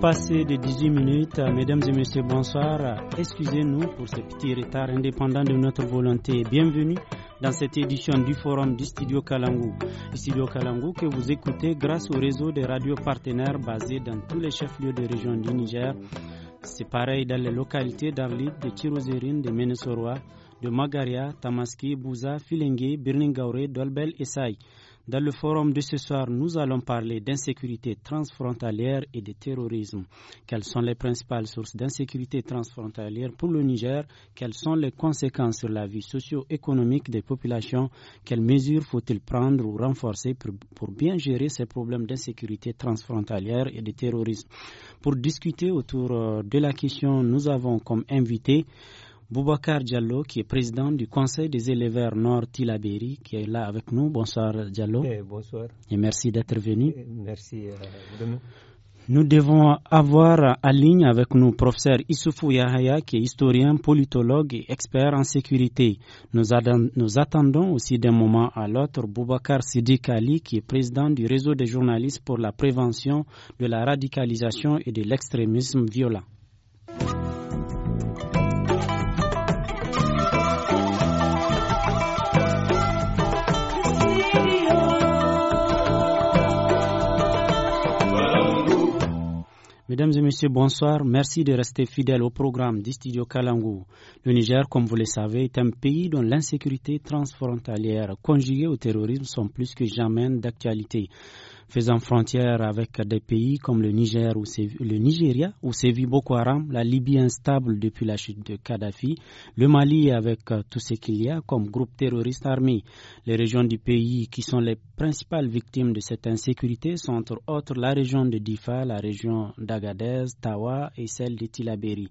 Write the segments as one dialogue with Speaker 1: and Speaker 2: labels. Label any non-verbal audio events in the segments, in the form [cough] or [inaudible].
Speaker 1: passé de 18 minutes. Mesdames et messieurs, bonsoir. Excusez-nous pour ce petit retard indépendant de notre volonté. Bienvenue dans cette édition du forum du Studio Kalangou. Studio Kalangou que vous écoutez grâce au réseau des radios partenaires basés dans tous les chefs-lieux de région du Niger. C'est pareil dans les localités d'Arlit, de Tirozerine, de Ménesoroa, de Magaria, Tamaski, Bouza, Filengue, Birningaure, Dolbel et Saï. Dans le forum de ce soir, nous allons parler d'insécurité transfrontalière et de terrorisme. Quelles sont les principales sources d'insécurité transfrontalière pour le Niger Quelles sont les conséquences sur la vie socio-économique des populations Quelles mesures faut-il prendre ou renforcer pour, bien gérer ces problèmes d'insécurité transfrontalière et de terrorisme Pour discuter autour euh, de la question, nous avons comme invité Boubacar Diallo, qui est président du Conseil des éleveurs Nord Tilaberi, qui est là avec nous. Bonsoir Diallo. Eh, bonsoir. Et merci d'être venu.
Speaker 2: Eh, merci. Euh, de...
Speaker 1: Nous devons avoir en ligne avec nous professeur Issoufou Yahaya, qui est historien, politologue et expert en sécurité. Nous, attendons aussi d'un moment à l'autre Boubacar Sidik Ali, qui est président du réseau des journalistes pour la prévention de la radicalisation et de l'extrémisme violent. Mesdames et messieurs, bonsoir. Merci de rester fidèles au programme du studio Kalangou. Le Niger, comme vous le savez, est un pays dont l'insécurité transfrontalière conjuguée au terrorisme sont plus que jamais d'actualité faisant frontière avec des pays comme le Niger ou le Nigeria, où sévit Boko Haram, la Libye instable depuis la chute de Kadhafi, le Mali avec euh, tout ce qu'il y a comme groupe terroristes armé. Les régions du pays qui sont les principales victimes de cette insécurité sont entre autres la région de Difa, la région d'Agadez, Tawa et celle de Tilaberi.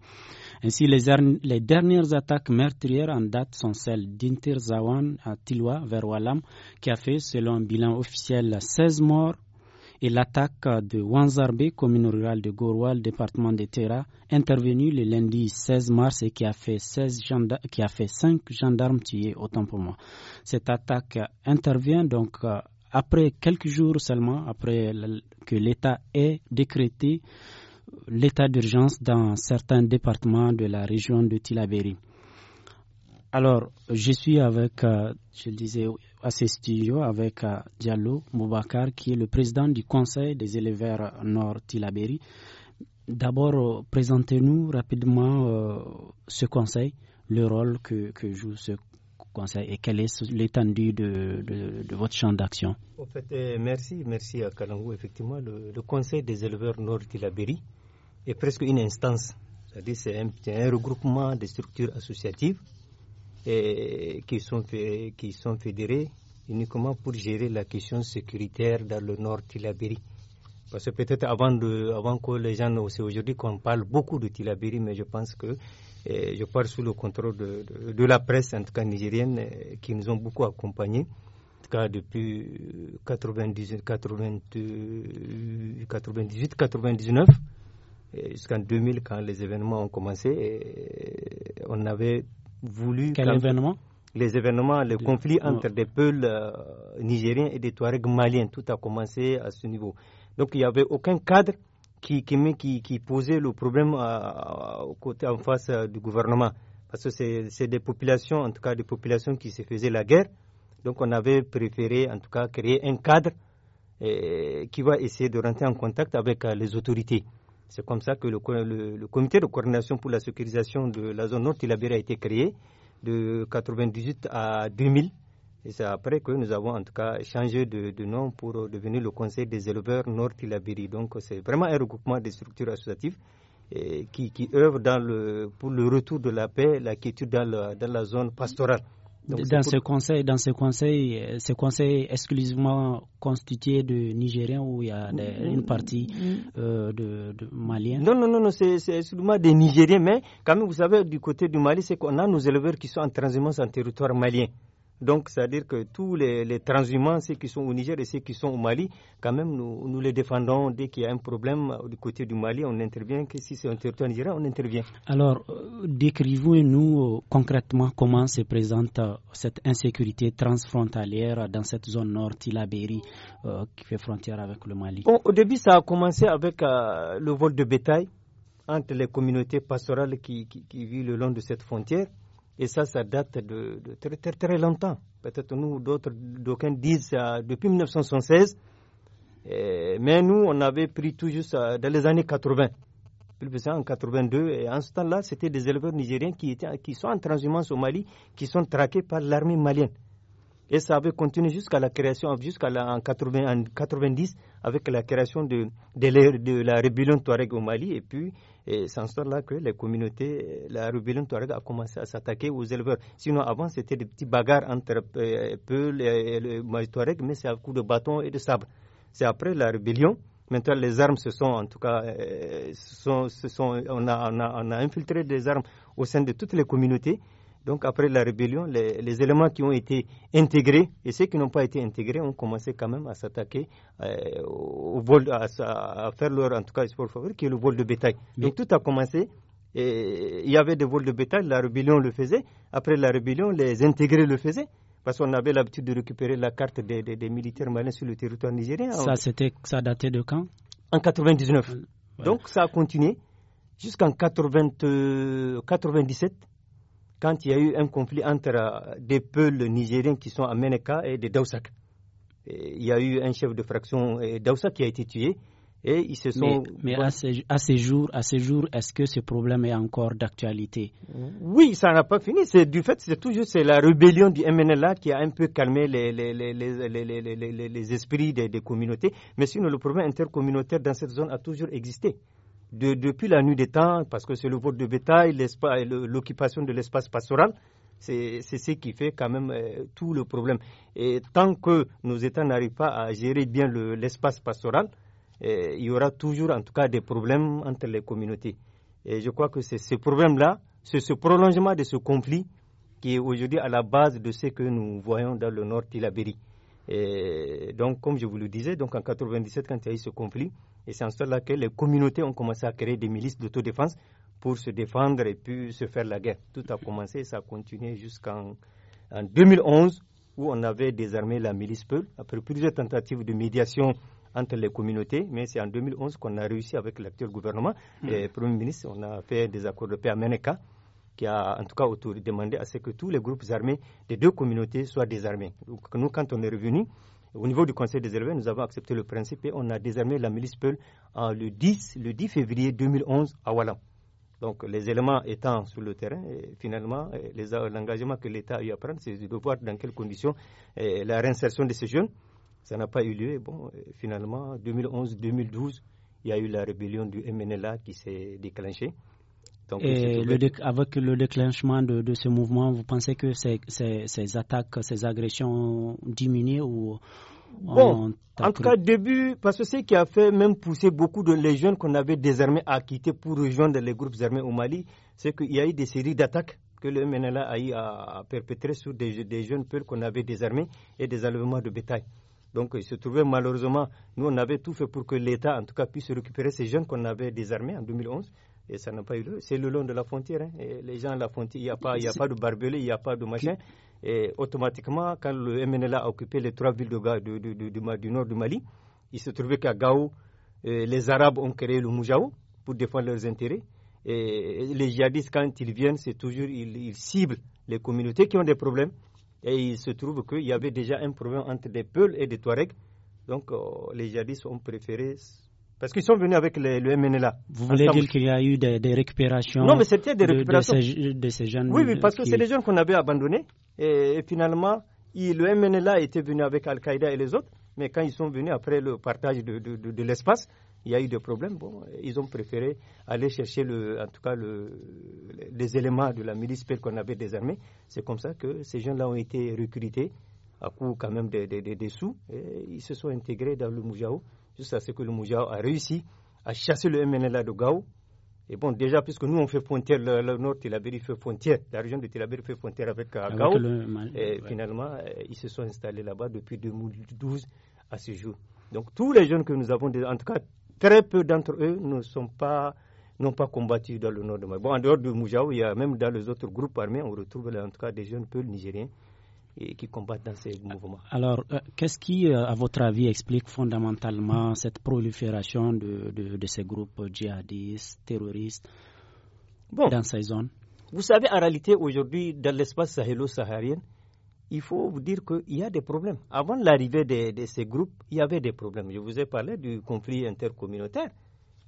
Speaker 1: Ainsi, les, les dernières attaques meurtrières en date sont celles d'Interzawan à Tilwa vers Walam, qui a fait, selon un bilan officiel, 16 morts et l'attaque de Wanzarbe, commune rurale de Gorwal, département de Terra, intervenue le lundi 16 mars et qui a fait, 16 qui a fait 5 gendarmes tués, au pour moi. Cette attaque intervient donc euh, après quelques jours seulement, après que l'État ait décrété euh, l'état d'urgence dans certains départements de la région de Tilaberi. Alors, je suis avec, euh, je le disais, à ces studios avec euh, Diallo Moubacar, qui est le président du Conseil des éleveurs Nord Tilabéri. D'abord, euh, présentez-nous rapidement euh, ce conseil, le rôle que, joue ce conseil et quelle est l'étendue de, votre champ d'action.
Speaker 2: merci, merci à Kalangou. Effectivement, le, Conseil des éleveurs Nord Tilabéri est presque une instance, cest un, un regroupement des structures associatives qui, sont, qui sont fédérés uniquement pour gérer la question sécuritaire dans le nord Tilabiri. Parce que peut-être avant, de, avant que les gens, aussi aujourd'hui qu'on parle beaucoup de Tilabiri, mais je pense que eh, je parle sous le contrôle de, de, la presse, en tout cas nigérienne, eh, qui nous ont beaucoup accompagnés. En tout cas, depuis 98-99 euh, eh, jusqu'en 2000, quand les événements ont commencé, on avait quel événement les événements, le conflit entre des peuples euh, nigériens et des Touaregs maliens. Tout a commencé à ce niveau. Donc il n'y avait aucun cadre qui, posait le problème côté, en face euh, du gouvernement. Parce que c'est des populations, en tout cas des populations qui se faisaient la guerre. Donc on avait préféré, en tout cas, créer un cadre qui va essayer de rentrer en contact avec euh, les autorités. C'est comme ça que le, comité de coordination pour la sécurisation de la zone nord Tilabéri a été créé de 98 à 2000. Et c'est après que nous avons en tout cas changé de, nom pour devenir le Conseil des éleveurs nord Tilabéri. Donc c'est vraiment un regroupement des structures associatives qui, qui œuvrent pour le retour de la paix, la quiétude dans la zone pastorale dans, ce
Speaker 1: conseil, dans ce conseil, euh, ce conseil exclusivement constitué de Nigériens ou il y a mm, mm, une partie mm. euh, de, Maliens
Speaker 2: Non, non, non, non c'est exclusivement des Nigériens, mais quand même, vous savez, du côté du Mali, c'est qu'on a nos éleveurs qui sont en transhumance en territoire malien. Donc, c'est-à-dire que tous les, les, transhumants, ceux qui sont au Niger et ceux qui sont au Mali, quand même, nous, les défendons. Dès qu'il y a un problème du côté du Mali, on intervient. Que si c'est un territoire nigérien, on intervient.
Speaker 1: Alors, euh, décrivez-nous euh, concrètement comment se présente euh, cette insécurité transfrontalière dans cette zone nord, Tilaberi, qui fait frontière avec le Mali.
Speaker 2: au début, ça a commencé avec le vol de bétail entre les communautés pastorales qui vivent le long de cette frontière. Et ça, ça date de, très, très, très longtemps. Peut-être nous, d'autres, d'aucuns disent ça euh, depuis 1916, mais nous, on avait pris tout juste euh, dans les années 80. Plus précisément en 82. Et en ce temps-là, c'était des éleveurs nigériens qui, étaient, qui sont en transhumance au Mali, qui sont traqués par l'armée malienne. Et ça avait continué jusqu'à la création, jusqu'à en, 90, avec la création de, de, de la rébellion Touareg au Mali. Et puis, et c'est en sorte là que les communautés, la rébellion Touareg a commencé à s'attaquer aux éleveurs. Sinon, avant, c'était des petits bagarres entre euh, Peul et le Touareg, mais c'est à coup de bâton et de sable. C'est après la rébellion. Maintenant, les armes se sont, en tout cas, euh, sont, on, a, on a infiltré des armes au sein de toutes les communautés. Donc après la rébellion, les, éléments qui ont été intégrés et ceux qui n'ont pas été intégrés ont commencé quand même à s'attaquer euh, au vol, à, faire leur en tout cas sport favori, qui est le vol de bétail. Donc tout a commencé. Et il y avait des vols de bétail, la rébellion le faisait. Après la rébellion, les intégrés le faisaient parce qu'on avait l'habitude de récupérer la carte des, militaires malins sur le territoire nigérien. Ça,
Speaker 1: c'était, ça datait de quand En 99.
Speaker 2: Donc ça a continué jusqu'en 97, euh, quand il y a eu un conflit entre euh, des peuples nigériens qui sont à Meneka et des Daoussac. Il y a eu un chef de fraction euh, Daoussac qui a été tué. Et ils se sont...
Speaker 1: Mais, à, ces, jour, jours, à est-ce que ce problème est encore d'actualité
Speaker 2: Oui, ça n'a pas fini. C'est du fait, c'est toujours c'est la rébellion du MNLA qui a un peu calmé les, les, les, les esprits des, des, communautés. Mais sinon, le problème intercommunautaire dans cette zone a toujours existé de, depuis la nuit des temps, parce que c'est le vote de bétail, l'occupation de l'espace pastoral, c'est ce qui fait quand même euh, tout le problème. Et tant que nos États n'arrivent pas à gérer bien l'espace pastoral, euh, il y aura toujours en tout cas des problèmes entre les communautés. Et je crois que c'est ce problème-là, c'est ce prolongement de ce conflit qui est aujourd'hui à la base de ce que nous voyons dans le nord Tilabéry. donc, comme je vous le disais, donc en 1997 quand il y a eu ce conflit, et c'est en cela que les communautés ont commencé à créer des milices d'autodéfense pour se défendre et puis se faire la guerre. Tout a [laughs] commencé, ça a continué jusqu'en 2011 où on avait désarmé la milice Peul après plusieurs tentatives de médiation entre les communautés, mais c'est en 2011 qu'on a réussi avec l'actuel gouvernement hmm. et le Premier ministre, on a fait des accords de paix à Meneka qui a en tout cas demandé à ce que tous les groupes armés des deux communautés soient désarmés. Donc nous, quand on est revenu, au niveau du Conseil des élèves, nous avons accepté le principe et on a désarmé la milice Peul en le 10, le 10 février 2011 à Walla. Donc, les éléments étant sur le terrain, finalement, euh, l'engagement que l'État a eu à prendre, c'est de voir dans quelles conditions la réinsertion de ces jeunes, ça n'a pas eu lieu. bon, finalement, 2011-2012, il y a eu la rébellion du MNLA qui s'est déclenchée. le
Speaker 1: avec le déclenchement de, ce mouvement, vous pensez que ces, attaques, ces agressions ont ou Bon, en tout cas, début, parce que ce qui a fait même pousser beaucoup de les jeunes qu'on avait désarmés à quitter
Speaker 2: pour rejoindre les groupes armés au Mali, c'est qu'il y a eu des séries d'attaques que le MNLA a eu à perpétrer sur des, jeunes peuples qu'on avait désarmés et des enlevements de bétail. Donc, il se trouvait malheureusement, nous, on avait tout fait pour que l'État, en tout cas, puisse récupérer ces jeunes qu'on avait désarmés en 2011 et ça n'a pas eu lieu. C'est le long de la frontière. Hein, et les gens à la frontière, il n'y a, pas, a pas de barbelés, il n'y a pas de machin. Et automatiquement, quand le MNLA a occupé les trois villes de, du nord du Mali, il se trouvait qu'à Gao, euh, les Arabes ont créé le Moujaou pour défendre leurs intérêts. Et les djihadistes, quand ils viennent, c'est toujours, ils, ciblent les communautés qui ont des problèmes. Et il se trouve qu'il y avait déjà un problème entre des Peuls et des Touaregs. Donc, euh, les djihadistes ont préféré parce qu'ils sont venus avec le MNLA. Vous voulez dire
Speaker 1: qu'il y a eu des, récupérations Non, mais c'était des récupérations. De, ces, jeunes. Oui, oui parce que c'est des jeunes
Speaker 2: qu'on avait abandonnés. Et, finalement, il, le MNLA était venu avec Al-Qaïda et les autres, mais quand ils sont venus après le partage de, l'espace, il y a eu des problèmes. Bon, ils ont préféré aller chercher, le, en tout cas, le, les éléments de la milice qu'on avait désarmée. C'est comme ça que ces gens-là ont été recrutés à coup quand même des, sous. ils se sont intégrés dans le juste à ce que le Moujaou a réussi à chasser le MNLA de Gao et bon, déjà, puisque nous, on fait frontière, le, le nord Tilaberi fait frontière, la région de Tilaberi fait frontière avec euh, Agao. et finalement, euh, ils se sont installés là-bas depuis 2012 à ce jour. Donc, tous les jeunes que nous avons, en tout cas, très peu d'entre eux ne sont pas n'ont pas combattu dans le nord de Mali. Bon, en dehors de Moujaou, il y a même dans les autres groupes armés, on retrouve en tout cas des jeunes peu nigériens et qui combattent dans ces mouvements.
Speaker 1: Alors, euh, qu'est-ce qui, euh, à votre avis, explique fondamentalement cette prolifération de, de, ces groupes djihadistes, terroristes bon, dans ces zones
Speaker 2: Vous savez, en réalité, aujourd'hui, dans l'espace sahélo-saharien, il faut vous dire qu'il y a des problèmes. Avant l'arrivée de, de, ces groupes, il y avait des problèmes. Je vous ai parlé du conflit intercommunautaire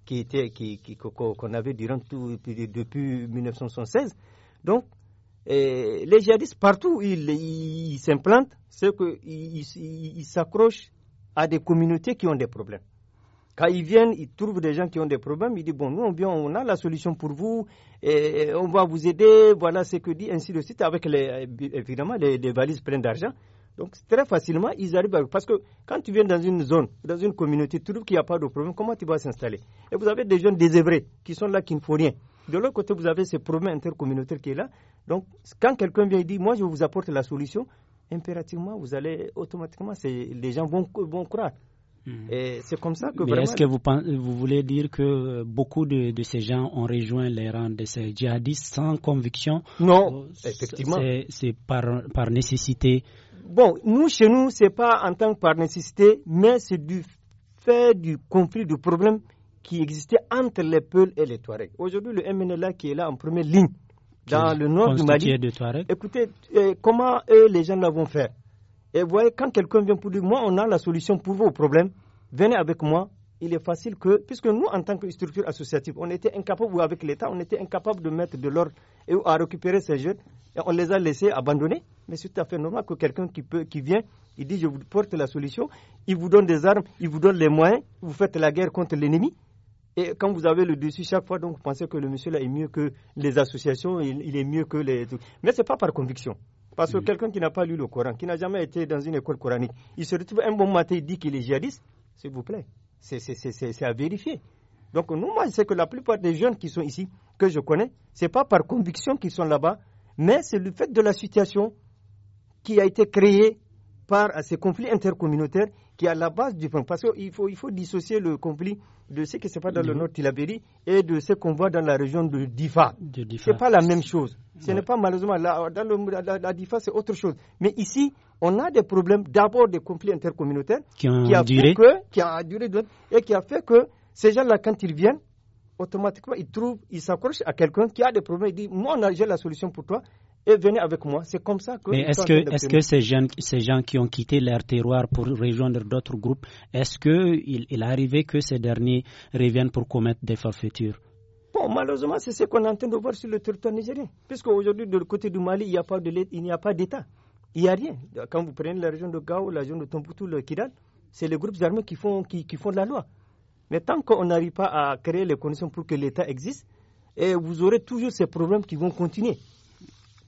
Speaker 2: qui était, qui, qu'on avait durant tout, depuis 1976. Donc, et les djihadistes, partout où ils s'implantent, c'est qu'ils s'accrochent à des communautés qui ont des problèmes. Quand ils viennent, ils trouvent des gens qui ont des problèmes, ils disent, bon, nous, on a la solution pour vous, on va vous aider, voilà ce que dit, ainsi de suite, avec évidemment les, valises pleines d'argent. Donc, très facilement, ils arrivent à... Parce que quand tu viens dans une zone, dans une communauté, tu trouves qu'il n'y a pas de problème, comment tu vas s'installer Et vous avez des jeunes désœuvrés qui sont là, qui ne font rien. De l'autre côté, vous avez ce problème intercommunautaire qui est là. Donc, quand quelqu'un vient et dit, moi, je vous apporte la solution, impérativement, vous allez automatiquement, les gens vont, croire. Hmm. Et c'est comme ça que. Mais est-ce que
Speaker 1: vous, voulez dire que euh, beaucoup de, ces gens ont rejoint les rangs de ces djihadistes sans conviction Non, oh, effectivement. C'est par, par, nécessité. Bon, nous, chez nous, c'est pas en tant que par nécessité,
Speaker 2: mais c'est du fait du conflit, du problème qui existait entre les Peuls et les Touaregs. Aujourd'hui, le MNLA qui est là en première ligne, dans le nord du Mali, écoutez, euh, comment euh, les gens vont fait Et vous voyez, quand quelqu'un vient pour dire, moi, on a la solution pour vos problèmes, venez avec moi, il est facile que, puisque nous, en tant que structure associative, on était incapable, ou avec l'État, on était incapable de mettre de l'ordre et à récupérer ces jeunes, et on les a laissés abandonner. Mais c'est tout à fait normal que quelqu'un qui, qui vient, il dit, je vous porte la solution, il vous donne des armes, il vous donne les moyens, vous faites la guerre contre l'ennemi. Et quand vous avez le dessus chaque fois, donc vous pensez que le monsieur là est mieux que les associations, il, est mieux que les. Mais ce n'est pas par conviction. Parce que quelqu'un qui n'a pas lu le Coran, qui n'a jamais été dans une école coranique, il se retrouve un bon matin, il dit qu'il est djihadiste, s'il vous plaît. C'est à vérifier. Donc, nous, moi, c'est que la plupart des jeunes qui sont ici, que je connais, ce n'est pas par conviction qu'ils sont là-bas, mais c'est le fait de la situation qui a été créée par ces conflits intercommunautaires qui est à la base du point. Parce qu'il faut, il faut dissocier le conflit de ce qui se passe dans le nord Tilaberi et de ce qu'on voit dans la région de Difa. Ce n'est pas la même chose. Ce n'est pas malheureusement. La, la, Difa, c'est autre chose. Mais ici, on a des problèmes d'abord des conflits intercommunautaires qui, ont a duré. qui a et qui a fait que ces gens-là, quand ils viennent, automatiquement, ils trouvent, ils s'accrochent à quelqu'un qui a des problèmes. Ils disent Moi, j'ai la solution pour toi et venez avec moi. C'est comme ça que. Mais est-ce que, est -ce que ces,
Speaker 1: jeunes, ces gens qui ont quitté leur terroir pour rejoindre d'autres groupes, est-ce qu'il il est arrivé que ces derniers reviennent pour commettre des forfaitures
Speaker 2: Bon, malheureusement, c'est ce qu'on est en train de voir sur le territoire nigérien. Puisque aujourd'hui, de côté du Mali, il n'y a pas d'État. Il n'y a rien. Quand vous prenez la région de Gao, la région de Tombouctou, le Kidal, c'est les groupes armés qui font, qui, qui font la loi. Mais tant qu'on n'arrive pas à créer les conditions pour que l'État existe, et vous aurez toujours ces problèmes qui vont continuer.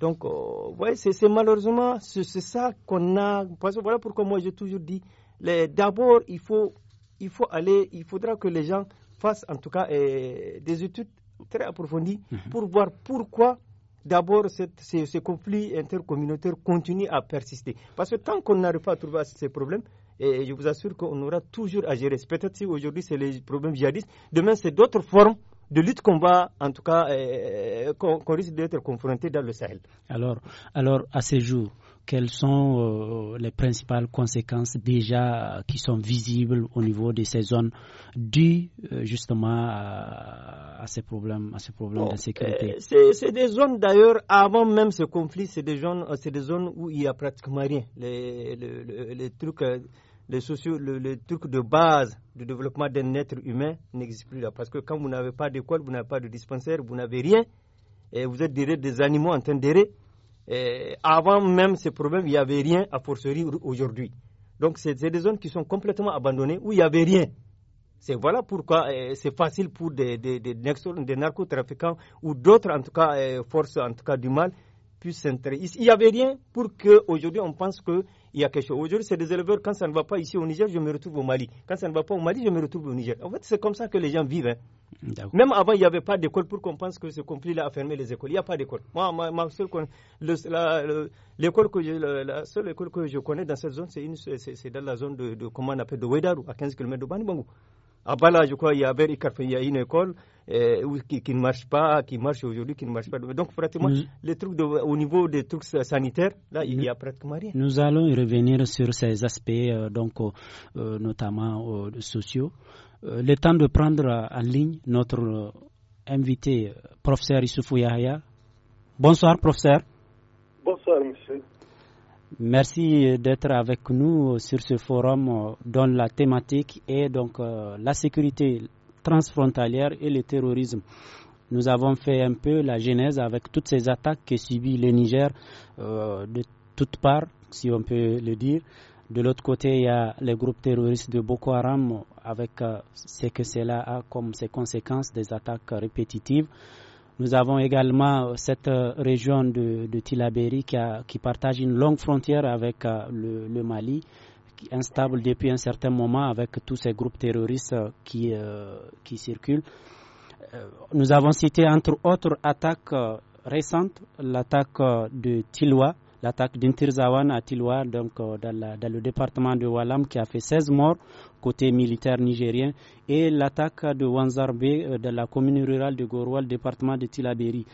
Speaker 2: Donc, vous euh, voyez, c'est malheureusement, c'est ça qu'on a. voilà pourquoi moi j'ai toujours dit, d'abord, il faut, aller, il faudra que les gens fassent en tout cas euh, des études très approfondies mhm. pour voir pourquoi d'abord ces conflits conflit intercommunautaires continuent à persister. Parce que tant qu'on n'arrive pas à trouver ces problèmes, et je vous assure qu'on aura toujours à gérer. Peut-être si aujourd'hui c'est les problèmes djihadistes, demain c'est d'autres formes de lutte qu'on va, en tout cas, euh, qu'on risque d'être confronté dans le Sahel.
Speaker 1: Alors, alors à ces jours, quelles sont euh, les principales conséquences déjà qui sont visibles au niveau de ces zones dues euh, justement à, ces problèmes, à ces problèmes d'insécurité
Speaker 2: C'est des zones d'ailleurs, avant même ce conflit, c'est des, zones, des zones où il n'y a pratiquement rien. les, les trucs les, sociaux, le, truc de base du développement d'un être humain n'existe plus là. Parce que quand vous n'avez pas d'école, vous n'avez pas de dispensaire, vous n'avez rien, et vous êtes des animaux en train d'errer. Avant même ces problèmes, il n'y avait rien à forcerie aujourd'hui. Donc, c'est des zones qui sont complètement abandonnées où il n'y avait rien. C'est voilà pourquoi c'est facile pour des, des, des, narcotrafiquants ou d'autres, en tout cas, force forces en tout cas, du mal puissent s'intéresser. Il n'y avait rien pour qu'aujourd'hui on pense que il y a quelque chose. Aujourd'hui, c'est des éleveurs, quand ça ne va pas ici au Niger, je me retrouve au Mali. Quand ça ne va pas au Mali, je me retrouve au Niger. En fait, c'est comme ça que les gens vivent. Hein. Même avant, il n'y avait pas d'école pour qu'on pense que ce conflit-là a fermé les écoles. Il n'y a pas d'école. Moi, ma, la, que je, la, seule école que je connais dans cette zone, c'est dans la zone de, de on appelle, de Wedaru, à 15 km de Banibangu. À Bala, je crois, il y avait il y a une école euh, qui, qui, ne marche pas, qui marche aujourd'hui, qui ne marche pas. Donc, pratiquement, les trucs au niveau des trucs sanitaires, là, il n'y a pratiquement rien.
Speaker 1: Nous allons revenir sur ces aspects, euh, donc, euh, euh, notamment sociaux. le temps de prendre en ligne notre invité, professeur Issoufou Yahya. Bonsoir, professeur.
Speaker 3: Bonsoir, monsieur.
Speaker 1: Merci d'être avec nous sur ce forum euh, dont la thématique est donc euh, la sécurité transfrontalière et le terrorisme. Nous avons fait un peu la genèse avec toutes ces attaques que subit le Niger euh, de toutes parts, si on peut le dire. De l'autre côté, il y a les groupes terroristes de Boko Haram avec ce que cela a comme ses conséquences des attaques répétitives. Nous avons également euh, cette euh, région de, de qui, partage une longue frontière avec euh, le, le Mali instable depuis un certain moment avec tous ces groupes terroristes qui, qui circulent. Nous avons cité entre autres attaques récentes l'attaque de Tilwa l'attaque d'Intirzawan à Tilwa, donc euh, dans, le département de Walam, qui a fait 16 morts côté militaire nigérien, et l'attaque de Wanzarbe euh, dans la commune rurale de Gorwal, département de Tilaberi.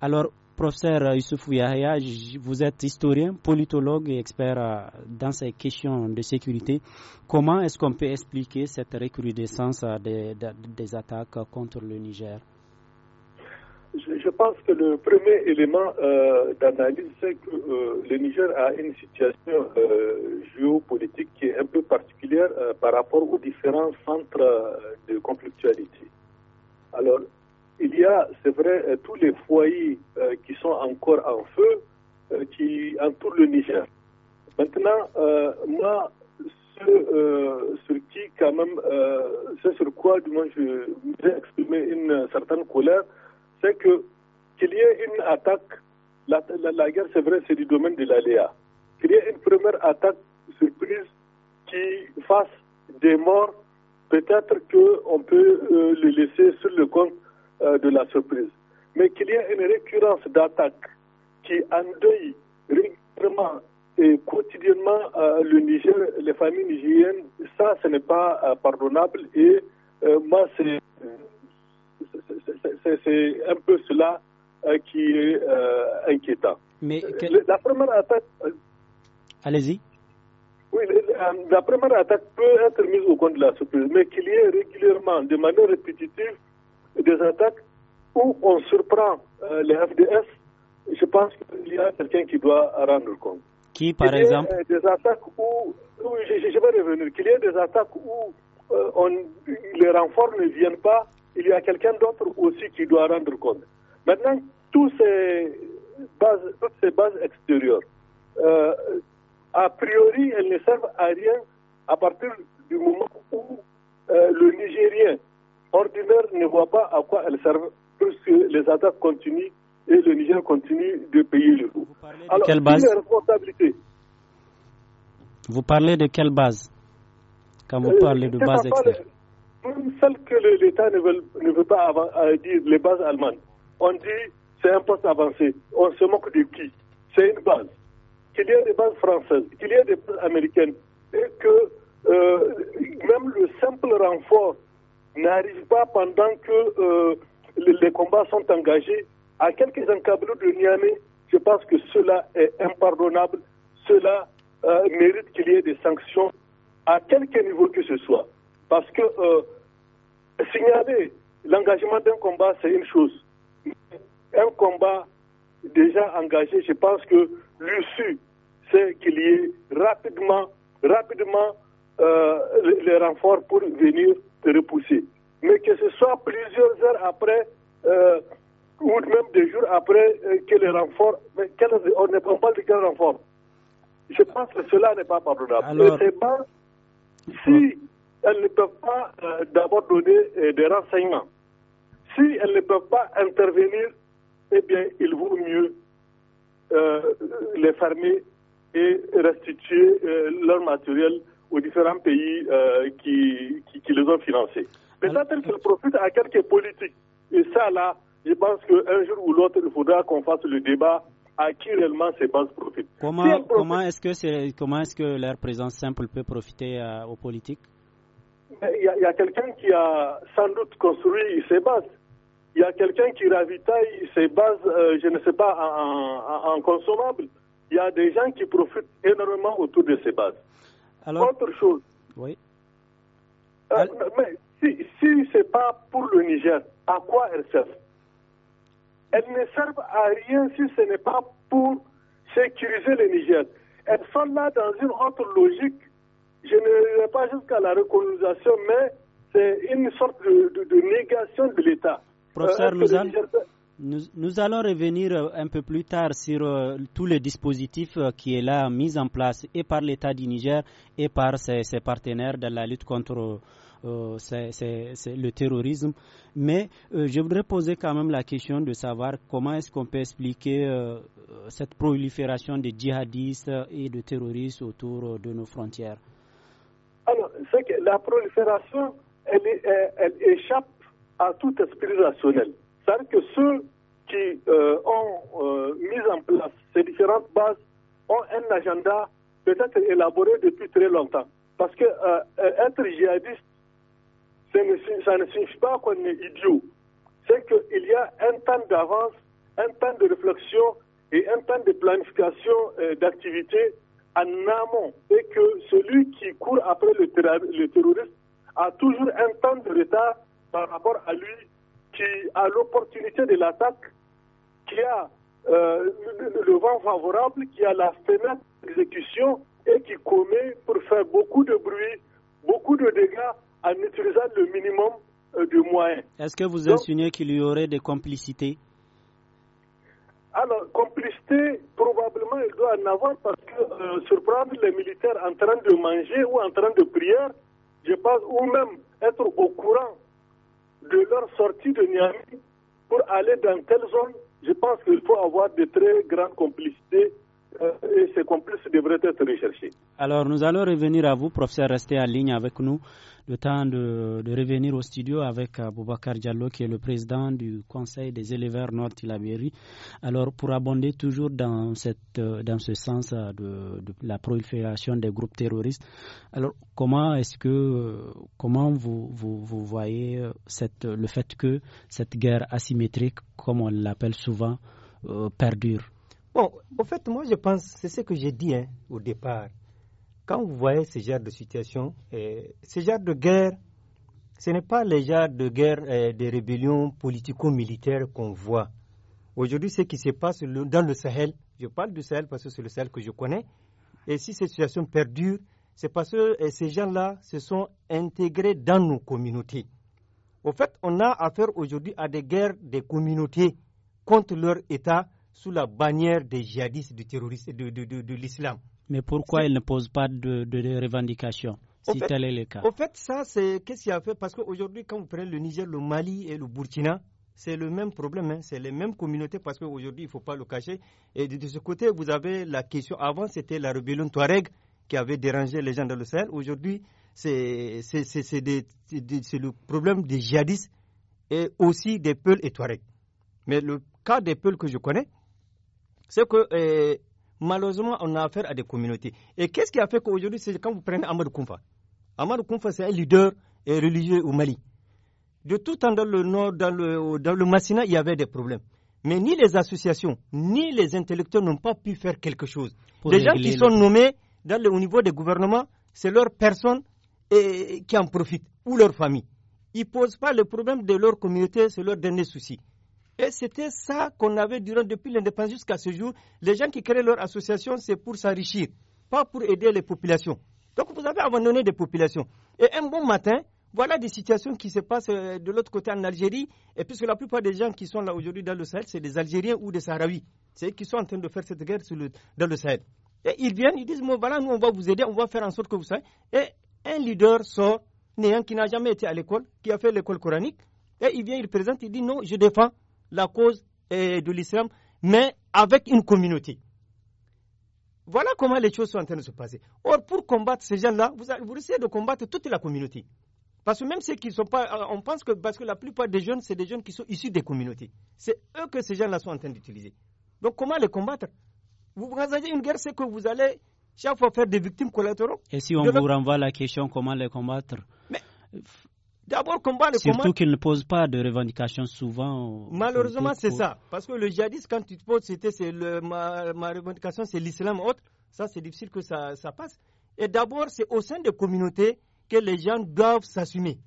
Speaker 1: Alors, professeur Youssouf Yahya, vous êtes historien, politologue et expert euh, dans ces questions de sécurité. Comment est-ce qu'on peut expliquer cette recrudescence des attaques contre le Niger
Speaker 3: je, pense que le premier élément euh, d'analyse, c'est que euh, le Niger a une situation euh, géopolitique qui est un peu particulière par rapport aux différents centres de conflictualité. Alors, il y a, c'est vrai, tous les foyers qui sont encore en feu qui entourent le Niger. Maintenant, moi, ce sur qui, quand même, sur quoi, du moins, je vais exprimer une certaine colère, c'est que qu'il y ait une attaque, la, guerre, c'est vrai, c'est du domaine de l'aléa. Qu'il y ait une première attaque surprise qui fasse des morts, peut-être qu'on peut, on peut euh, le laisser sur le compte euh, de la surprise. Mais qu'il y ait une récurrence d'attaques qui endeuille régulièrement et quotidiennement euh, le Niger, les familles nigériennes, ça, ce n'est pas pardonnable. Et moi, c'est c'est un peu cela euh, qui est euh, inquiétant. Mais euh, La première attaque. Allez-y. Oui, la, première attaque peut être mise au compte de la surprise, mais qu'il y ait régulièrement, de manière répétitive, des attaques où on surprend les FDS, je pense qu'il y a quelqu'un qui doit rendre compte.
Speaker 1: Qui, par exemple
Speaker 3: Des attaques où. Oui, je, vais revenir. Qu'il y ait des attaques où les renforts ne viennent pas il y a quelqu'un d'autre aussi qui doit rendre compte. Maintenant, toutes ces bases, toutes ces bases extérieures, euh, a priori, elles ne servent à rien à partir du moment où euh, le Nigérien ordinaire ne voit pas à quoi elles servent, puisque les attaques continuent et le Niger continue de payer le parlez Alors, quelle base responsabilité.
Speaker 1: Vous parlez de quelle base Quand vous euh, parlez de base extérieure
Speaker 3: même celle que l'État ne veut, ne pas euh, dire, les bases allemandes. On dit c'est un poste avancé. On se moque de qui C'est une base. Qu'il y ait des bases françaises, qu'il y ait des bases américaines, et que euh, même le simple renfort n'arrive pas pendant que euh, les combats sont engagés. À quelques encablures de Niamey, je pense que cela est impardonnable. Cela mérite qu'il y ait des sanctions à quelque niveau que ce soit. Parce que signaler l'engagement d'un combat, c'est une chose. Un combat déjà engagé, je pense que l'issue, c'est qu'il y ait rapidement, rapidement euh, les renforts pour venir te repousser. Mais que ce soit plusieurs heures après, euh, ou même des jours après euh, que les renforts, on ne prend pas de renfort. Je pense que cela n'est pas pardonnable. pas hum. si elles ne peuvent pas euh, d'abord donner euh, des renseignements. Si elles ne peuvent pas intervenir, eh bien, il vaut mieux euh, les fermer et restituer leur matériel aux différents pays qui, les ont financés. Mais ça, tel qu'ils profitent à quelques politiques. Et ça, là, je pense qu'un jour ou l'autre, il faudra qu'on fasse le débat à qui réellement ces bases profitent.
Speaker 1: Comment, est-ce que, comment est que leur présence simple peut profiter aux politiques
Speaker 3: il eh, y a, quelqu'un qui a sans doute construit ses bases. Il y a quelqu'un qui ravitaille ses bases, euh, je ne sais pas, en, consommables. Il y a des gens qui profitent énormément autour de ces bases. Autre chose. Oui. Euh, mais si, si ce n'est pas pour le Niger, à quoi elles servent Elles ne servent à rien si ce n'est pas pour sécuriser le Niger. Elles sont là dans une autre logique je ne vais pas jusqu'à la reconnaissance, mais c'est une sorte de, négation de l'État.
Speaker 1: Professeur euh, nous, allons revenir euh, un peu plus tard sur euh, tous les dispositifs qui est là mis en place et par l'État du Niger et par ses, partenaires dans la lutte contre le terrorisme. Mais je voudrais poser quand même la question de savoir comment est-ce qu'on peut expliquer cette prolifération de djihadistes et de terroristes autour de nos frontières
Speaker 3: la prolifération, euh, elle, échappe à tout esprit rationnel. C'est-à-dire que ceux qui euh, ont euh, mis en place ces différentes bases ont un agenda peut-être élaboré depuis très longtemps. Parce que être djihadiste, ça ne, ça ne signifie pas qu'on est idiot. C'est qu'il y a un temps d'avance, un temps de réflexion et un temps de planification d'activités en amont et que celui qui court après le, terroriste a toujours un temps de retard par rapport à lui qui a l'opportunité de l'attaque, qui a euh, le, vent favorable, qui a la fenêtre d'exécution et qui commet pour faire beaucoup de bruit, beaucoup de dégâts en utilisant le minimum euh, de moyens.
Speaker 1: Est-ce que vous insinuez qu'il y aurait des complicités
Speaker 3: alors, complicité, probablement, il doit en avoir parce que euh, surprendre les militaires en train de manger ou en train de prier, je pense, ou même être au courant de leur sortie de Niamey pour aller dans telle zone, je pense qu'il faut avoir de très grandes complicités euh, et ces complices devraient être recherchés.
Speaker 1: Alors, nous allons revenir à vous, professeur, restez en ligne avec nous. Le temps de, revenir au studio avec Boubacar Diallo, qui est le président du Conseil des éleveurs Nord-Tilabéry. Alors, pour abonder toujours dans, ce sens de, la prolifération des groupes terroristes, alors comment est-ce que, comment vous, vous, voyez le fait que cette guerre asymétrique, comme on l'appelle souvent, euh, perdure
Speaker 2: Bon, au fait, moi, je pense, c'est ce que j'ai dit hein, au départ. Quand vous voyez ce genre de situation, eh, ce genre de guerre, ce n'est pas le genre de guerre eh, des rébellions politico-militaires qu'on voit. Aujourd'hui, ce qui se passe dans le Sahel, je parle du Sahel parce que c'est le Sahel que je connais, et si cette situation perdure, c'est parce que eh, ces gens-là se sont intégrés dans nos communautés. Au fait, on a affaire aujourd'hui à des guerres des communautés contre leur État sous la bannière des djihadistes, du terrorisme, de, de, de,
Speaker 1: de l'islam. Mais pourquoi ils ne posent pas de, de revendications si tel est le cas Au fait,
Speaker 2: ça, c'est qu'est-ce qu'il a fait Parce qu'aujourd'hui, quand vous prenez le Niger, le Mali et le Burkina, c'est le même problème, hein. c'est les mêmes communautés parce qu'aujourd'hui, il ne faut pas le cacher. Et de, ce côté, vous avez la question. Avant, c'était la rébellion Touareg qui avait dérangé les gens dans le Sahel. Aujourd'hui, c'est le problème des djihadistes et aussi des Peuls et Touareg. Mais le cas des Peuls que je connais, c'est que euh, malheureusement, on a affaire à des communautés. Et qu'est-ce qui a fait qu'aujourd'hui, c'est quand vous prenez Amadou Koumfa Amadou Koumfa, c'est un leader euh, religieux au Mali. De tout temps dans le nord, dans le, dans Massina, il y avait des problèmes. Mais ni les associations, ni les intellectuels n'ont pas pu faire quelque chose. les gens qui sont nommés au niveau des gouvernements, c'est leur personnes qui en profitent ou leur famille. Ils ne posent pas le problème de leur communauté, c'est leur dernier souci. Et c'était ça qu'on avait durant depuis l'indépendance jusqu'à ce jour. Les gens qui créent leur association, c'est pour s'enrichir, pas pour aider les populations. Donc vous avez abandonné des populations. Et un bon matin, voilà des situations qui se passent euh, de l'autre côté en Algérie. Et puisque la plupart des gens qui sont là aujourd'hui dans le Sahel, c'est des Algériens ou des Sahraouis. C'est eux qui sont en train de faire cette guerre dans le Sahel. Et ils viennent, ils disent, bon, voilà, nous, on va vous aider, on va faire en sorte que vous soyez... Et un leader sort, néant, qui n'a jamais été à l'école, qui a fait l'école coranique, et il vient, il présente, il dit, non, je défends la cause de l'islam, mais avec une communauté. Voilà comment les choses sont en train de se passer. Or, pour combattre ces gens-là, vous, vous essayez de combattre toute la communauté. Parce que même ceux qui ne sont pas. Euh, on pense que. Parce que la plupart des jeunes, c'est des jeunes qui sont issus des communautés. C'est eux que ces gens-là sont en train d'utiliser. Donc, comment les combattre Vous une guerre, c'est que vous allez chaque fois faire des victimes collatéraux. Et si on vous
Speaker 1: renvoie la question comment les combattre
Speaker 2: D'abord Surtout comment... qu'ils
Speaker 1: ne posent pas de revendications souvent.
Speaker 2: Malheureusement, c'est ça. Parce que le jihadiste quand tu te poses, ma... revendication, c'est l'islam autre. Ça, c'est difficile que ça, passe. Et d'abord, c'est au sein des communautés que les gens doivent s'assumer.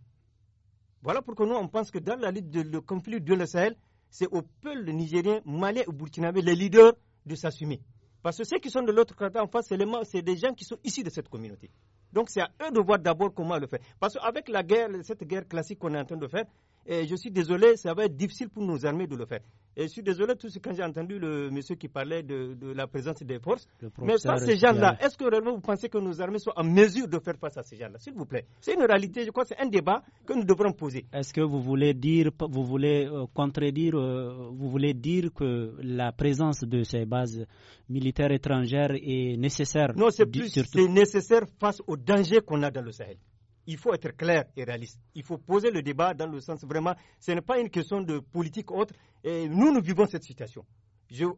Speaker 2: Voilà pourquoi nous, on pense que dans la lutte de le conflit de le Sahel, c'est au peuple nigérien, malais ou burkinabé, les leaders, de s'assumer. Parce que ceux qui sont de l'autre côté en face, c'est des gens qui sont issus de cette communauté. Donc c'est à eux de voir d'abord comment le faire. Parce qu'avec la guerre, cette guerre classique qu'on est en train de faire, et je suis désolé, ça va être difficile pour nos armées de le faire. Et je suis désolé tout ce que j'ai entendu le monsieur qui parlait de, la présence des forces. Mais ça, ces gens-là. Est-ce que réellement vous pensez que nos armées sont en mesure de faire face à ces gens-là S'il vous plaît. C'est une réalité, je crois, c'est un débat que nous devrons poser.
Speaker 1: Est-ce que vous voulez dire, vous voulez euh, contredire, euh, vous voulez dire que la présence de ces bases militaires étrangères est nécessaire Non, c'est plus, c'est nécessaire face au danger qu'on a dans le Sahel il faut
Speaker 2: être clair et réaliste. Il faut poser le débat dans le sens vraiment, ce n'est pas une question de politique autre. Et nous, nous vivons cette situation.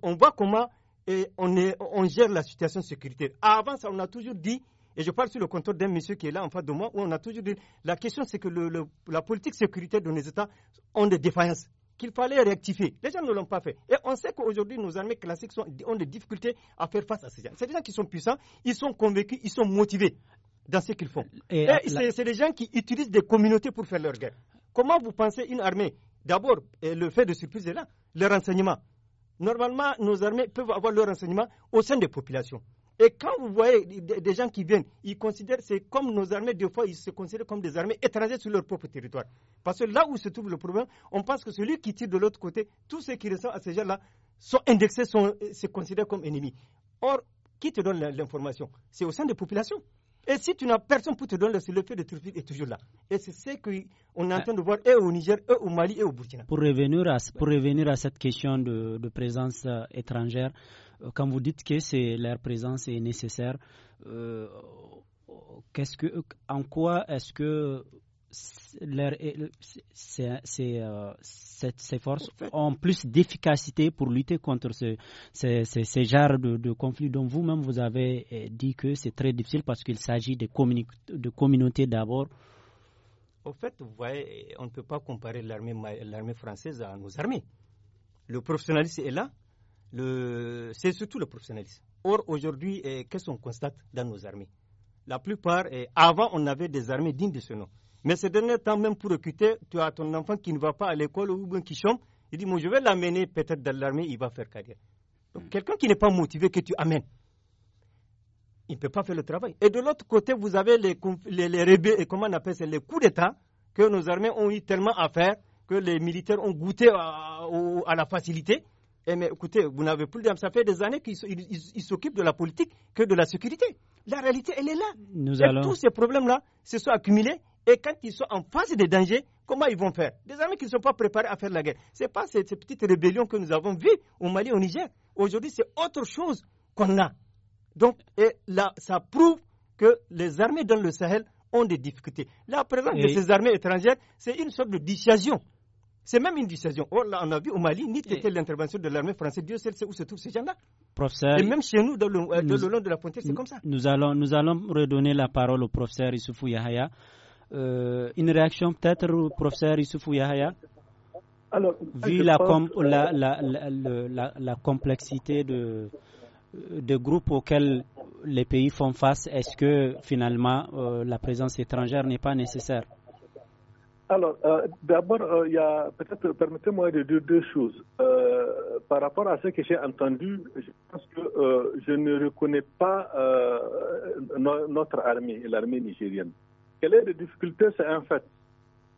Speaker 2: on voit comment et on, on, gère la situation sécuritaire. Avant ça, on a toujours dit, et je parle sur le contrôle d'un monsieur qui est là en face de moi, où on a toujours dit, la question c'est que la politique sécuritaire de nos États ont des défaillances qu'il fallait rectifier. Les gens ne l'ont pas fait. Et on sait qu'aujourd'hui, nos armées classiques ont des difficultés à faire face à ces gens. C'est des gens qui sont puissants, ils sont convaincus, ils sont motivés dans ce qu'ils font. Et, et c'est les gens qui utilisent des communautés pour faire leur guerre. Comment vous pensez une armée D'abord, le fait de surprise est là, le renseignement. Normalement, nos armées peuvent avoir leur renseignement au sein des populations. Et quand vous voyez des gens qui viennent, ils considèrent, c'est comme nos armées, des fois, ils se considèrent comme des armées étrangères sur leur propre territoire. Parce que là où se trouve le problème, on pense que celui qui tire de l'autre côté, tous ceux qui ressemblent à ces gens-là sont indexés, sont, euh, se considèrent comme ennemis. Or, qui te donne l'information C'est au sein des populations. Et si tu n'as personne pour te donner le fait de est toujours là. Et c'est ce qu'on est en ah. train de voir
Speaker 1: et au Niger, et au Mali, et au Burkina. Pour revenir à, cette question de, présence euh, étrangère, euh, quand vous dites que leur présence est nécessaire, euh, qu'est-ce que, en quoi est-ce que euh, ces forces en ont plus d'efficacité pour lutter contre ce, genre de, conflits dont vous-même vous avez euh, dit que c'est très difficile parce qu'il s'agit de, communautés d'abord.
Speaker 2: Au fait, vous voyez, on ne peut pas comparer l'armée française à nos armées. Le professionnalisme est là, c'est surtout le professionnalisme. Or, aujourd'hui, euh, qu'est-ce qu'on constate dans nos armées La plupart, avant, on avait des armées dignes de ce nom. Mais ces derniers temps, même pour recruter, tu as ton enfant qui ne va pas à l'école ou qui chôme, il dit, moi, je vais l'amener peut-être dans l'armée, il va faire carrière. Donc, hmm. quelqu'un qui n'est pas motivé, que tu amènes, il ne peut pas faire le travail. Et de l'autre côté, vous avez les, les, comment on appelle ça, les coups d'État, que nos armées ont eu tellement à faire, que les militaires ont goûté à, à, la facilité. Et eh, mais écoutez, vous n'avez plus de Ça fait des années qu'ils s'occupent de la politique que de la sécurité. La réalité, elle est là. Nous tous ces problèmes-là se sont accumulés et quand ils sont en face des dangers, comment ils vont faire Des armées qui ne sont pas préparées à faire la guerre. Ce n'est pas cette, petites petite rébellion que nous avons vue au Mali, au Niger. Aujourd'hui, c'est autre chose qu'on a. Donc, et là, ça prouve que les armées dans le Sahel ont des difficultés. La présence de ces armées étrangères, c'est une sorte de dissuasion. C'est même une dissuasion. Or, là, on a vu au Mali, ni était l'intervention de l'armée française. Dieu sait où se trouvent ces gens-là.
Speaker 1: Professeur. Et même chez nous, euh, le, long de la frontière, c'est comme ça. Nous allons, nous allons redonner la parole au professeur Issoufou Yahaya. Euh, une réaction peut-être, au professeur Issoufou Yahya Vu la, complexité euh, de, groupes auxquels les pays font face, est-ce que finalement euh, la présence étrangère n'est pas nécessaire
Speaker 3: alors, d'abord, y peut-être, permettez-moi de dire deux choses. par rapport à ce que j'ai entendu, je pense que je ne reconnais pas notre armée, l'armée nigérienne. Qu'elle est la difficulté c'est un fait.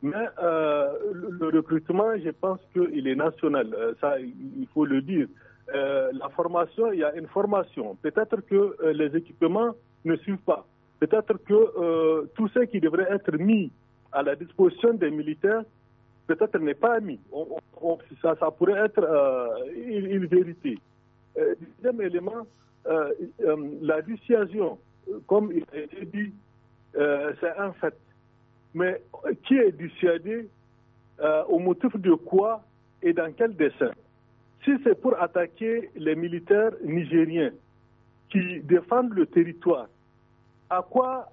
Speaker 3: Mais euh, le recrutement, je pense qu'il est national, euh, ça il faut le dire. Euh, la formation, il y a une formation. Peut-être que les équipements ne suivent pas. Peut-être que tout ce qui devrait être mis à la disposition des militaires, peut-être n'est pas mis. ça, pourrait être une, une, vérité. deuxième élément, la dissuasion, comme il a été dit, euh, c'est un fait. Mais qui est dissuadé euh, au motif de quoi et dans quel dessin Si c'est pour attaquer les militaires nigériens qui défendent le territoire, à quoi,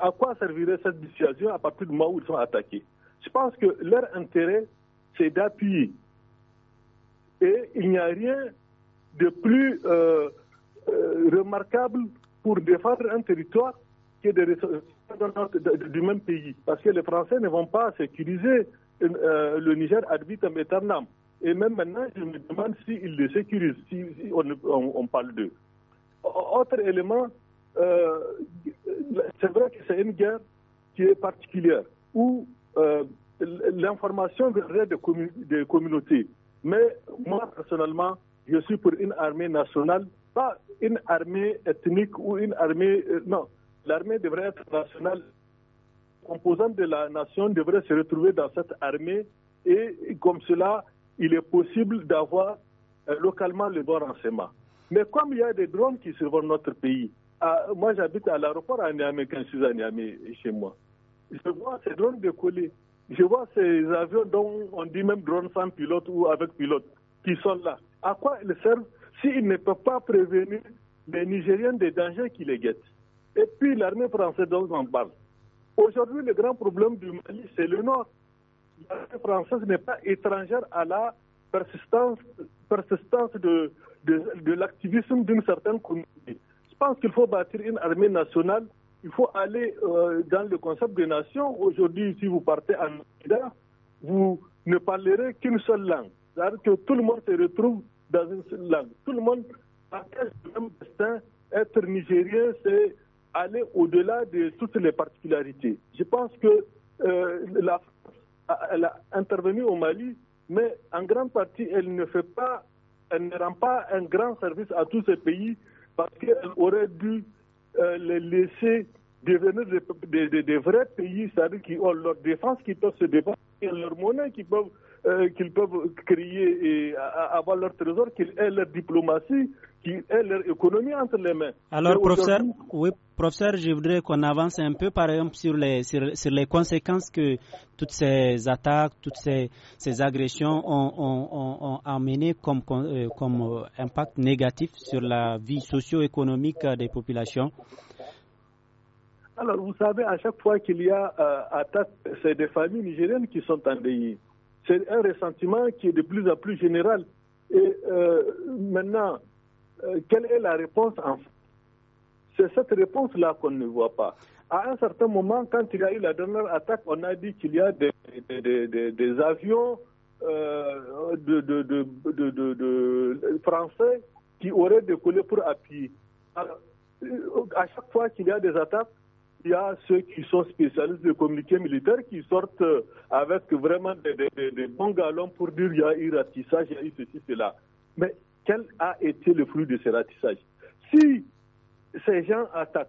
Speaker 3: à, quoi servirait cette dissuasion à partir du moment où ils sont attaqués Je pense que leur intérêt, c'est d'appuyer. Et il n'y a rien de plus euh, remarquable pour défendre un territoire des ressources du même pays. Parce que les Français ne vont pas sécuriser euh, le Niger ad vitam Et même maintenant, je me demande s'ils le sécurisent, si, on, parle d'eux. Autre élément, euh, c'est vrai que c'est une guerre qui est particulière, où euh, l'information viendrait des, communautés. Mais moi, personnellement, je suis pour une armée nationale, pas une armée ethnique ou une armée... non, l'armée devrait être nationale. Composante de la nation devrait se retrouver dans cette armée et comme cela, il est possible d'avoir euh, localement le bon renseignement. Mais comme il y a des drones qui survolent notre pays, moi j'habite à l'aéroport à Niamey, quand je suis à Niamey, chez moi, je vois ces drones décoller. Je vois ces avions dont on dit même drones sans pilote ou avec pilote qui sont là. À quoi ils servent s'ils ne peuvent pas prévenir les Nigériens des dangers qui les guettent et puis l'armée française dont on parle. Aujourd'hui, le grand problème du Mali, c'est le Nord. L'armée française n'est pas étrangère à la persistance, persistance de, l'activisme d'une certaine communauté. Je pense qu'il faut bâtir une armée nationale. Il faut aller euh, dans le concept de nation. Aujourd'hui, si vous partez en Nigeria, vous ne parlerez qu'une seule langue. C'est-à-dire que tout le monde se retrouve dans une seule langue. Tout le monde partage le même destin. Être nigérien, c'est aller au-delà de toutes les particularités. Je pense que euh, la, elle a intervenu au Mali, mais en grande partie, elle ne fait pas, ne rend pas un grand service à tous ces pays parce qu'elle aurait dû euh, les laisser devenir des, des, vrais pays, c'est-à-dire qui ont leur défense, qui peuvent se défendre, leur monnaie, qui peuvent euh, qu'ils peuvent créer et avoir leur trésor, qu'ils aient leur diplomatie, qu'ils aient leur économie entre les mains. Alors, professeur,
Speaker 1: professeur, je voudrais qu'on avance un peu, par exemple, sur les, sur, les conséquences que toutes ces attaques, toutes ces, agressions ont, ont, amené comme, euh, comme euh, impact négatif sur la vie socio-économique des populations.
Speaker 3: Alors, vous savez, à chaque fois qu'il y a attaque, c'est des familles nigériennes qui sont endeuillées. C'est un ressentiment qui est de plus en plus général. Et euh, maintenant, euh, quelle est la réponse en C'est cette réponse-là qu'on ne voit pas. À un certain moment, quand il y a eu la dernière attaque, on a dit qu'il y a des, avions de, français qui auraient décollé pour appuyer. Euh, à chaque fois qu'il y a des attaques, il y a ceux qui sont spécialistes de communiqués militaire qui sortent euh, avec vraiment des, bons galons pour dire il y a eu ratissage, il y a eu ceci, cela. Mais quel a été le fruit de ce ratissages Si ces gens attaquent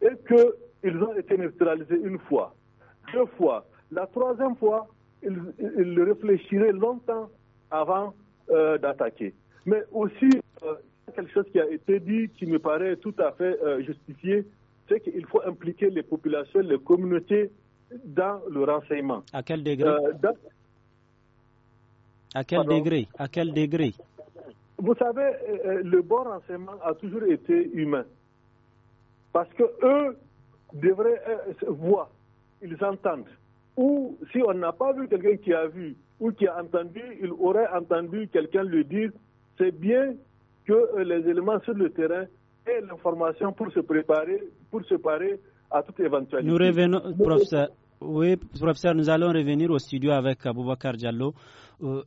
Speaker 3: et qu'ils ont été neutralisés une fois, deux fois, la troisième fois, ils, réfléchiraient longtemps avant euh, d'attaquer. Mais aussi, euh, a quelque chose qui a été dit qui me paraît tout à fait justifié, c'est qu'il faut impliquer les populations, les communautés dans le renseignement.
Speaker 1: À quel degré euh, À quel degré À quel degré
Speaker 3: Vous savez, euh, euh, le bon renseignement a toujours été humain. Parce que eux devraient voir, ils entendent. Ou si on n'a pas vu quelqu'un qui a vu ou qui a entendu, il aurait entendu quelqu'un lui dire. C'est bien que les éléments sur le terrain et l'information pour se préparer, pour se à toute éventualité. Nous revenons, professeur.
Speaker 1: Oui, professeur, nous allons revenir au studio avec Aboubakar Diallo. Euh,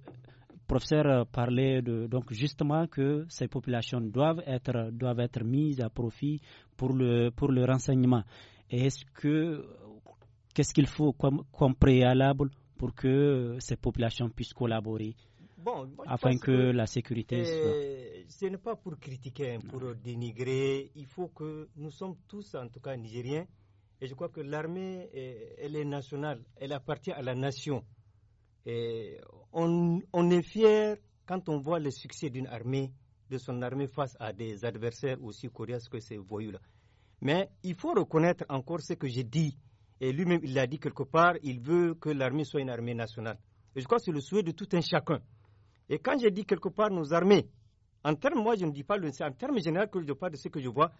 Speaker 1: professeur euh, parlait de, donc justement que ces populations doivent être, doivent être mises à profit pour le, renseignement. Est-ce que, qu'est-ce qu'il faut comme préalable pour que euh, ces populations puissent collaborer afin que, la sécurité euh,
Speaker 2: soit. Ce n'est pas pour critiquer, hein, pour dénigrer. Il faut que nous sommes tous, en tout cas nigériens, et je crois que l'armée, euh, elle est nationale, elle appartient à la nation. Et on, est fier quand on voit le succès d'une armée, de son armée face à des adversaires aussi coriaces que ces voyous-là. Mais il faut reconnaître encore ce que j'ai dit. Et lui-même, il l'a dit quelque part, il veut que l'armée soit une armée nationale. Et je crois que c'est le souhait de tout un chacun. Et quand je dis quelque part nos armées, en termes, moi je ne dis pas, le, en termes généraux que je parle de ce que je vois,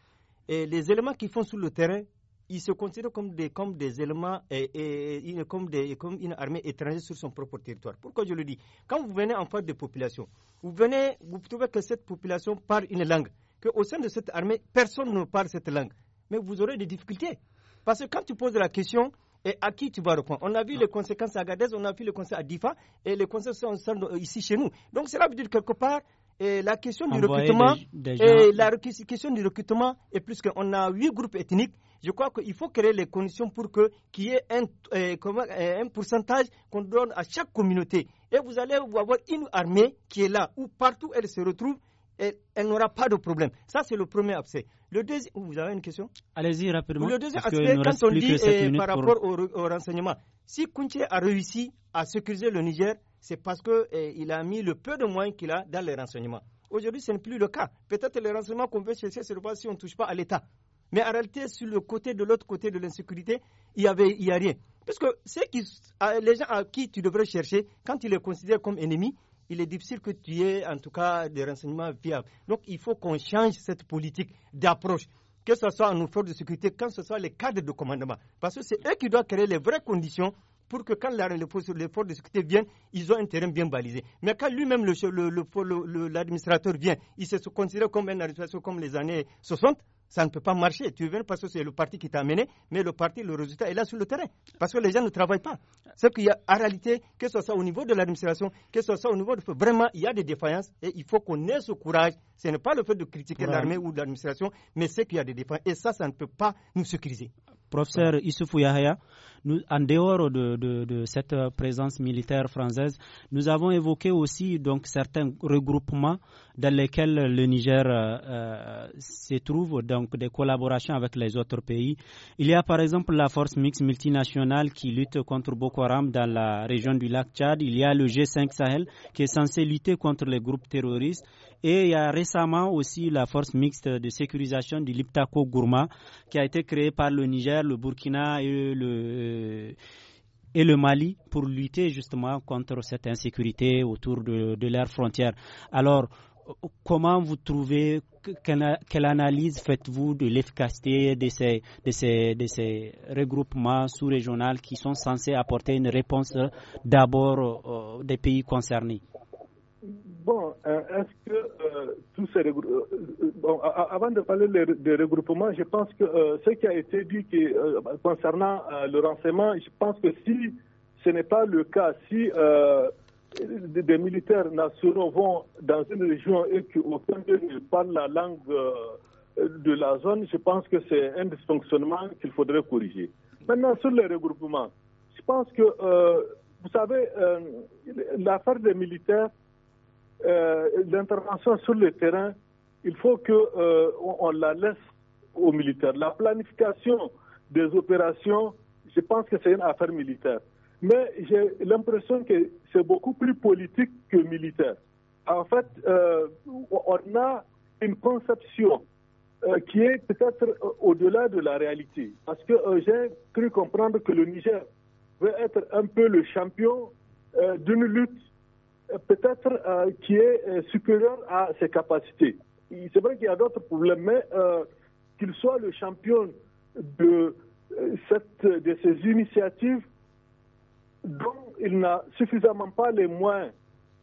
Speaker 2: les éléments qui font sur le terrain, ils se considèrent comme des, comme des éléments, et, comme, des, une armée étrangère sur son propre territoire. Pourquoi je le dis Quand vous venez en face des populations, vous venez, vous trouvez que cette population parle une langue, qu'au sein de cette armée, personne ne parle cette langue. Mais vous aurez des difficultés. Parce que quand tu poses la question, et à qui tu vas répondre On a vu les conséquences à Gadez, on a vu les conséquences à Difa, et les conséquences sont ici chez nous. Donc cela veut dire quelque part, la question du recrutement, et la question du recrutement est plus qu'on a huit groupes ethniques. Je crois qu'il faut créer les conditions pour que qu'il y ait un, euh, euh, un pourcentage qu'on donne à chaque communauté. Et vous allez avoir une armée qui est là, où partout elle se retrouve, elle, n'aura pas de problème. Ça, c'est le premier abcès. Le deuxième, vous avez une question
Speaker 1: Allez-y rapidement. Le deuxième aspect, quand on dit eh, par
Speaker 2: rapport aux au, renseignement, si Kounché a réussi à sécuriser le Niger, c'est parce qu'il eh, a mis le peu de moyens qu'il a dans les renseignements. Aujourd'hui, ce n'est plus le cas. Peut-être les renseignements qu'on veut chercher, c'est pas si on ne touche pas à l'État. Mais en réalité, sur le côté de l'autre côté de l'insécurité, il n'y avait a rien. Parce que qui, ah, les gens à qui tu devrais chercher, quand tu les considères comme ennemis, il est difficile que tu aies en tout cas des renseignements viables. Donc il faut qu'on change cette politique d'approche, que ce soit en forces de sécurité, quand ce soit les cadres de commandement. Parce que c'est eux qui doivent créer les vraies conditions pour que quand les forces de sécurité viennent, ils ont un terrain bien balisé. Mais quand lui-même, l'administrateur le, le, vient, il se considère comme une administration comme les années 60, ça ne peut pas marcher. Tu veux parce que c'est le parti qui t'a amené, mais le parti, le résultat est là sur le terrain. Parce que les gens ne travaillent pas. Ce qu'il y a, en réalité, que ce soit au niveau de l'administration, que ce soit au niveau de. Vraiment, il y a des défaillances et il faut qu'on ait ce courage ce n'est pas le fait de critiquer l'armée ou l'administration, mais c'est qu'il y a des défenses. Et ça, ça ne peut pas nous sécuriser.
Speaker 1: Professeur Issoufou Yahya, en dehors de, cette présence militaire française, nous avons évoqué aussi donc, certains regroupements dans lesquels le Niger euh, euh, se trouve, donc des collaborations avec les autres pays. Il y a par exemple la force mixte multinationale qui lutte contre Boko Haram dans la région du lac Tchad. Il y a le G5 Sahel qui est censé lutter contre les groupes terroristes. Et il y a récemment aussi la force mixte de sécurisation du Liptako Gourma qui a été créée par le Niger, le Burkina et le Mali pour lutter justement contre cette insécurité autour de, leurs frontières. Alors, comment vous trouvez, quelle, analyse faites-vous de l'efficacité de ces, regroupements sous-régionaux qui sont censés apporter une réponse d'abord euh, des pays concernés
Speaker 3: Bon, euh, est-ce que euh, tous ces euh, Bon, avant de parler des regroupements, je pense que ce qui a été dit concernant le renseignement, je pense que si ce n'est pas le cas, si des militaires nationaux vont dans une région et qu'aucun d'eux ne parle la langue de la zone, je pense que c'est un dysfonctionnement qu'il faudrait corriger. Maintenant, sur les regroupements, je pense que, vous savez, l'affaire des militaires, euh, l'intervention sur le terrain, il faut que euh, la laisse aux militaires. La planification des opérations, je pense que c'est une affaire militaire. Mais j'ai l'impression que c'est beaucoup plus politique que militaire. En fait, euh, on a une conception qui est peut-être au-delà de la réalité. Parce que j'ai cru comprendre que le Niger veut être un peu le champion d'une lutte euh, peut-être euh, qui est euh, supérieur à ses capacités. C'est vrai qu'il y a d'autres problèmes, mais qu'il soit le champion de, de ces initiatives dont il n'a suffisamment pas les moyens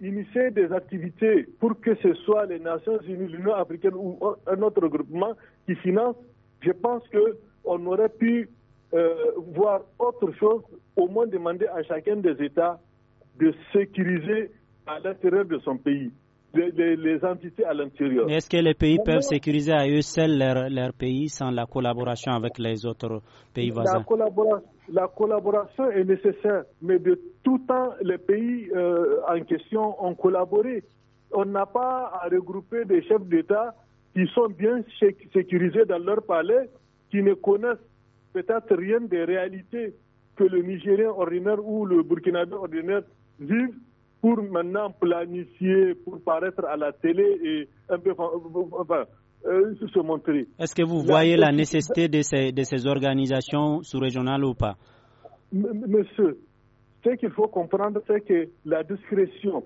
Speaker 3: d'initier des activités pour que ce soit les Nations Unies, l'Union africaine ou un autre groupement qui finance, je pense qu'on aurait pu voir autre chose, au moins demander à chacun des États de sécuriser à l'intérieur de son pays, les, entités à l'intérieur.
Speaker 1: est-ce que les pays peuvent sécuriser à eux seuls leur, pays sans la collaboration avec les autres pays voisins
Speaker 3: La collaboration, est nécessaire, mais de tout temps, les pays euh, en question ont collaboré. On n'a pas à regrouper des chefs d'État qui sont bien sécurisés dans leur palais, qui ne connaissent peut-être rien des réalités que le Nigérien ordinaire ou le Faso ordinaire vivent pour maintenant planifier, pour paraître à la télé et un peu, enfin, euh, se montrer.
Speaker 1: Est-ce que vous voyez la, nécessité de ces, de ces organisations sous-régionales ou pas
Speaker 3: Monsieur, ce qu'il faut comprendre, c'est que la discrétion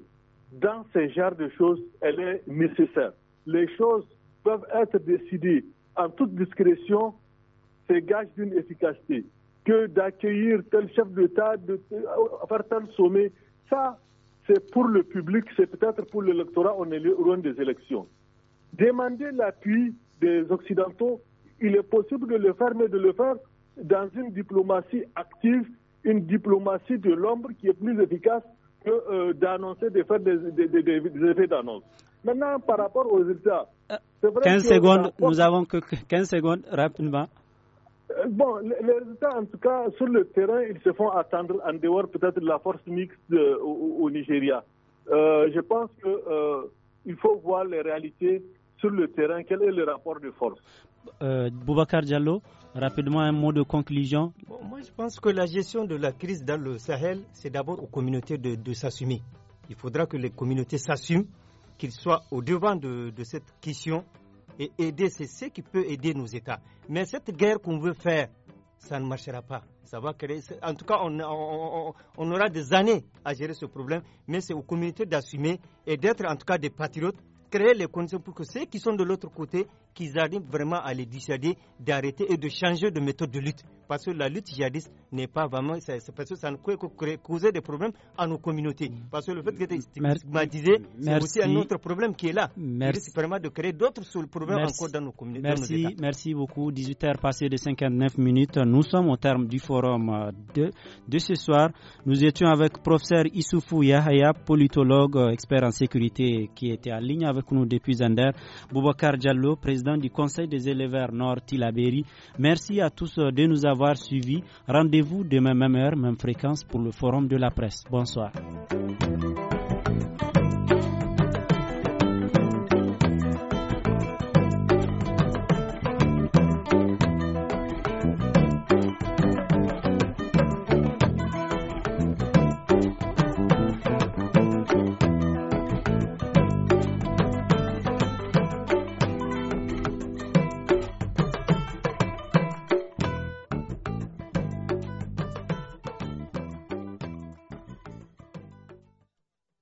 Speaker 3: dans ce genre de choses, elle est nécessaire. Les choses peuvent être décidées en toute discrétion, c'est gage d'une efficacité. Que d'accueillir tel chef d'État, de faire tel sommet, ça, c'est pour le public, c'est peut-être pour l'électorat, on est loin des élections. Demander l'appui des Occidentaux, il est possible de le faire, mais de le faire dans une diplomatie active, une diplomatie de l'ombre qui est plus efficace que euh, d'annoncer, de faire des, effets d'annonce. Maintenant, par rapport aux résultats, 15 secondes, nous
Speaker 1: avons que 15 secondes, rapidement.
Speaker 3: Euh, bon, les résultats, en tout cas, sur le terrain, ils se font attendre en dehors peut-être de la force mixte au, Nigeria. Euh, je pense qu'il euh, faut voir les réalités sur le terrain. Quel est le rapport de force
Speaker 1: Boubacar Diallo, rapidement un mot de conclusion. moi, je pense que
Speaker 2: la gestion de la crise dans le Sahel, c'est d'abord aux communautés de, s'assumer. Il faudra que les communautés s'assument, qu'ils soient au devant de cette question et aider, c'est ce qui peut aider nos États. Mais cette guerre qu'on veut faire, ça ne marchera pas. En tout cas, on aura des années à gérer ce problème, mais c'est aux communautés d'assumer et d'être en tout cas des patriotes, créer les conditions pour que ceux qui sont de l'autre côté, qu'ils arrivent vraiment à les dissuader d'arrêter et de changer de méthode de lutte. Parce que la lutte jihadiste n'est pas vraiment. Ça, parce que ça ne peut causer des problèmes à nos communautés. Parce que le fait que tu stigmatisé, c'est aussi un autre problème qui est là. Merci. vraiment de créer d'autres problèmes encore dans nos communautés. Merci.
Speaker 1: Merci beaucoup. 18h passées de 59 minutes. Nous sommes au terme du forum euh, de, ce soir. Nous étions avec professeur Issoufou Yahaya, politologue, euh, expert en sécurité, qui était en ligne avec nous depuis Zander. Boubacar Diallo, président du Conseil des éleveurs Nord tilabéri Merci à tous de nous avoir suivis. Rendez-vous demain même heure, même fréquence pour le forum de la presse. Bonsoir.